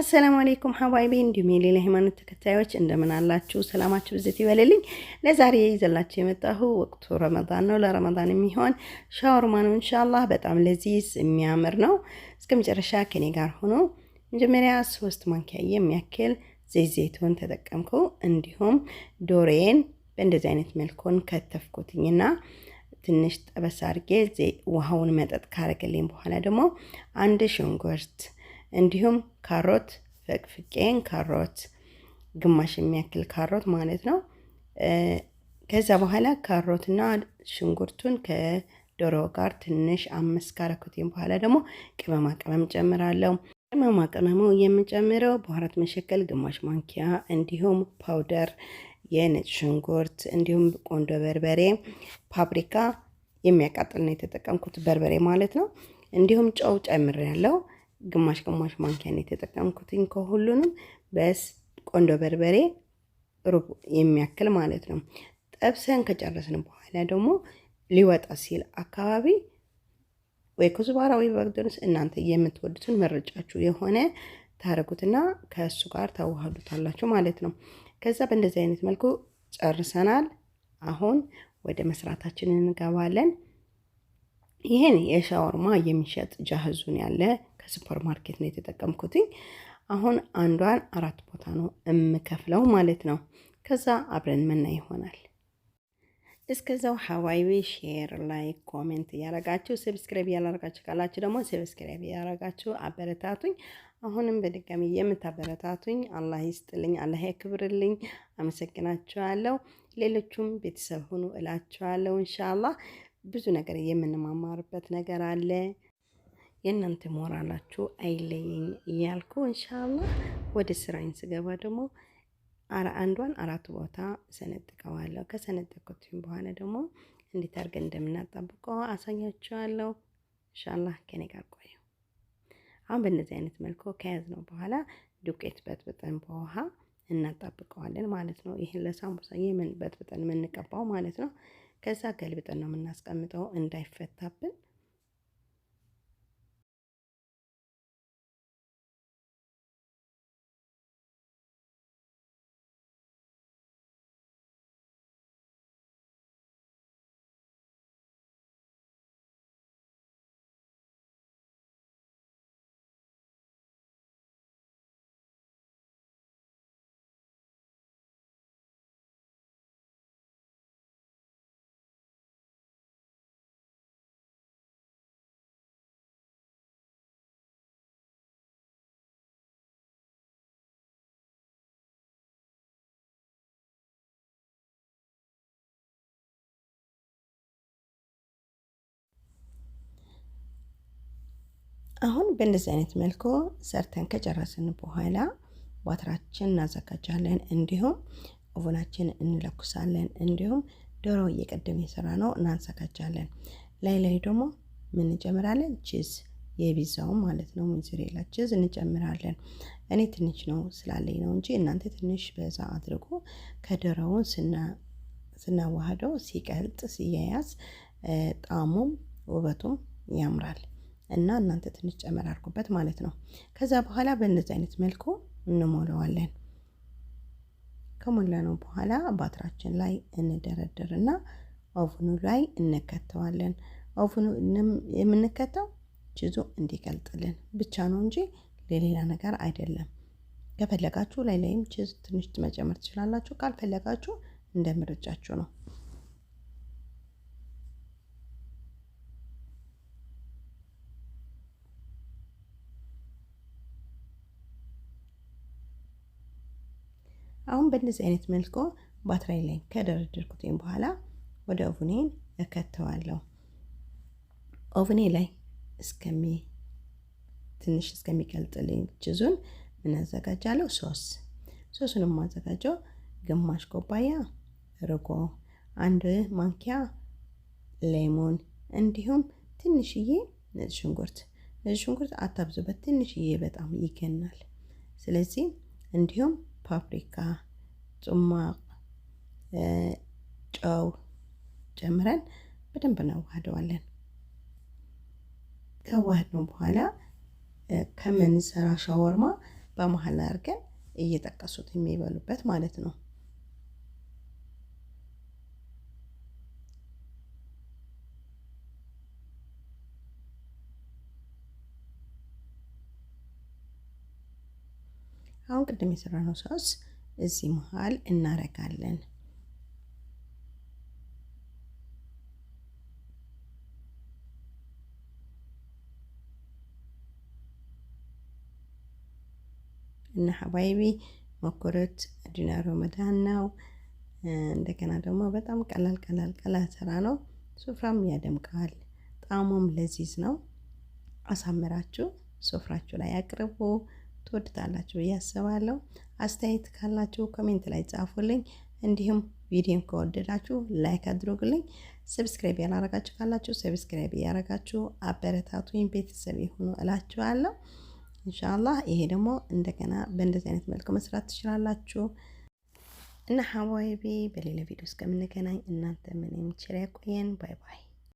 አሰላሙ አሌይኩም ሀባይቤ እንዲሁም የሌላ ሃይማኖት ተከታዮች እንደምን አላችሁ? ሰላማችሁ ብዝት ይበልልኝ። ለዛሬ ይዘላችሁ የመጣሁ ወቅቱ ረመዳን ነው። ለረመዳን የሚሆን ሻወርማ ነው ኢንሻላህ። በጣም ለዚዝ የሚያምር ነው። እስከ መጨረሻ ከኔ ጋር ሆኖ መጀመሪያ ሶስት ማንኪያ የሚያክል ዘይት ዘይቱን ተጠቀምኩ። እንዲሁም ዶሬን በእንደዚህ አይነት መልኩን ከተፍኩትኝና ትንሽ ጠበስ አድርጌ ውሃውን መጠጥ ካረገልኝ በኋላ ደግሞ አንድ ሽንኩርት እንዲሁም ካሮት ፈቅፍቄን ካሮት ግማሽ የሚያክል ካሮት ማለት ነው። ከዛ በኋላ ካሮትና ሽንኩርቱን ከዶሮ ጋር ትንሽ አምስት ካረኩቴን በኋላ ደግሞ ቅመማ ቅመም ጨምራለሁ። ቅመማ ቅመሙ የምጨምረው በአራት መሸከል ግማሽ ማንኪያ እንዲሁም ፓውደር የነጭ ሽንኩርት እንዲሁም ቆንዶ በርበሬ፣ ፓፕሪካ የሚያቃጥል ነው የተጠቀምኩት በርበሬ ማለት ነው። እንዲሁም ጨው ጨምሬያለሁ። ግማሽ ግማሽ ማንኪያ ነው የተጠቀምኩትኝ ከሁሉንም በስ ቆንዶ በርበሬ ሩብ የሚያክል ማለት ነው። ጠብሰን ከጨረስን በኋላ ደግሞ ሊወጣ ሲል አካባቢ ወይ ኩዝባራ ወይ በቅዶንስ እናንተ የምትወዱትን መረጫችሁ የሆነ ታረጉትና ከእሱ ጋር ታዋህዱታላችሁ ማለት ነው። ከዛ በእንደዚህ አይነት መልኩ ጨርሰናል። አሁን ወደ መስራታችን እንገባለን። ይህን የሻወርማ የሚሸጥ ጃህዙን ያለ ከሱፐር ማርኬት ነው የተጠቀምኩትኝ። አሁን አንዷን አራት ቦታ ነው የምከፍለው ማለት ነው። ከዛ አብረን ምና ይሆናል። እስከዛው ሀዋይዊ ሼር ላይ ኮሜንት እያረጋችሁ ሰብስክራይብ እያላረጋችሁ ካላችሁ ደግሞ ሰብስክራይብ እያረጋችሁ አበረታቱኝ። አሁንም በድጋሚ የምታበረታቱኝ አላህ ይስጥልኝ፣ አላህ ያክብርልኝ። አመሰግናችኋለሁ። ሌሎቹም ቤተሰብ ሁኑ እላችኋለሁ። እንሻላ ብዙ ነገር የምንማማርበት ነገር አለ። የእናንተ ሞራላችሁ አይለየኝ እያልኩ እንሻላ ወደ ስራዬን ስገባ ደግሞ አንዷን አራት ቦታ ሰነጥቀዋለሁ። ከሰነጠኩትም በኋላ ደግሞ እንዴት አድርገን እንደምናጣብቀው አሳያችኋለሁ። እንሻላ ከኔ ጋር ቆዩ። አሁን በእነዚህ አይነት መልኩ ነው በኋላ ዱቄት በጥብጠን በውሃ እናጣብቀዋለን ማለት ነው። ይህን ለሳምቡሳ በጥብጠን የምንቀባው ማለት ነው። ከዛ ገልብጠን ነው የምናስቀምጠው እንዳይፈታብን አሁን በእንደዚህ አይነት መልኩ ሰርተን ከጨረስን በኋላ ዋትራችን እናዘጋጃለን። እንዲሁም ኦቨናችን እንለኩሳለን። እንዲሁም ዶሮ እየቀደም የሰራ ነው እናዘጋጃለን። ላይ ላይ ደግሞ ምን እንጨምራለን? ቺዝ የቢዛው ማለት ነው። ሞዛሬላ ቺዝ እንጨምራለን። እኔ ትንሽ ነው ስላለኝ ነው እንጂ እናንተ ትንሽ በዛ አድርጎ ከዶሮውን ስናዋህደው ሲቀልጥ ሲያያዝ ጣዕሙም ውበቱም ያምራል። እና እናንተ ትንሽ ጨመር አድርጉበት ማለት ነው። ከዛ በኋላ በእንደዚህ አይነት መልኩ እንሞላዋለን። ከሞላ ነው በኋላ ባትራችን ላይ እና ኦቭኑ ላይ እንከተዋለን። ኦቭኑ የምንከተው ችዙ እንዲገልጥልን ብቻ ነው እንጂ ለሌላ ነገር አይደለም። ከፈለጋችሁ ላይ ላይም ችዝ ትንሽ መጨመር ትችላላችሁ። ካልፈለጋችሁ እንደ ምርጫችሁ ነው። አሁን በእንደዚህ አይነት መልኩ ባትራይ ላይ ከደረደርኩትኝ በኋላ ወደ ኦቭኔን እከተዋለሁ። ኦቭኔ ላይ እስከሚ ትንሽ እስከሚቀልጥልኝ ችዙን ምን አዘጋጃለሁ? ሶስ ሶሱን የማዘጋጀው ግማሽ ኩባያ ርጎ፣ አንድ ማንኪያ ሌሞን፣ እንዲሁም ትንሽዬ ነጭ ሽንኩርት። ነጭ ሽንኩርት አታብዙበት፣ ትንሽዬ በጣም ይገናል። ስለዚህ እንዲሁም ፓፕሪካ፣ ጭማቅ፣ ጨው ጨምረን በደንብ እናዋህደዋለን። ከዋህድነው በኋላ ከምንሰራ ሻወርማ በመሀል አድርገን እየጠቀሱት የሚበሉበት ማለት ነው። አሁን ቅድም የሰራነው ሰውስ እዚህ መሃል እናረጋለን። እና ሀባይቢ መኮረት ዲናሮ መዳን ነው። እንደገና ደግሞ በጣም ቀላል ቀላል ቀላል ስራ ነው። ሱፍራም ያደምቃል፣ ጣዕሙም ለዚዝ ነው። አሳምራችሁ ሱፍራችሁ ላይ አቅርቡ። ትወድታላችሁ ብዬ አስባለሁ። አስተያየት ካላችሁ ኮሜንት ላይ ጻፉልኝ። እንዲሁም ቪዲዮን ከወደዳችሁ ላይክ አድርጉልኝ። ሰብስክራይብ ያላረጋችሁ ካላችሁ ሰብስክራይብ እያረጋችሁ አበረታቱኝ፣ ቤተሰብ የሆኑ እላችኋለሁ። ኢንሻአላህ ይሄ ደግሞ እንደገና በእንደዚህ አይነት መልኩ መስራት ትችላላችሁ። እና ሀዋይቤ በሌላ ቪዲዮ እስከምንገናኝ እናንተ ምንም ችላ ያቆየን። ባይ ባይ።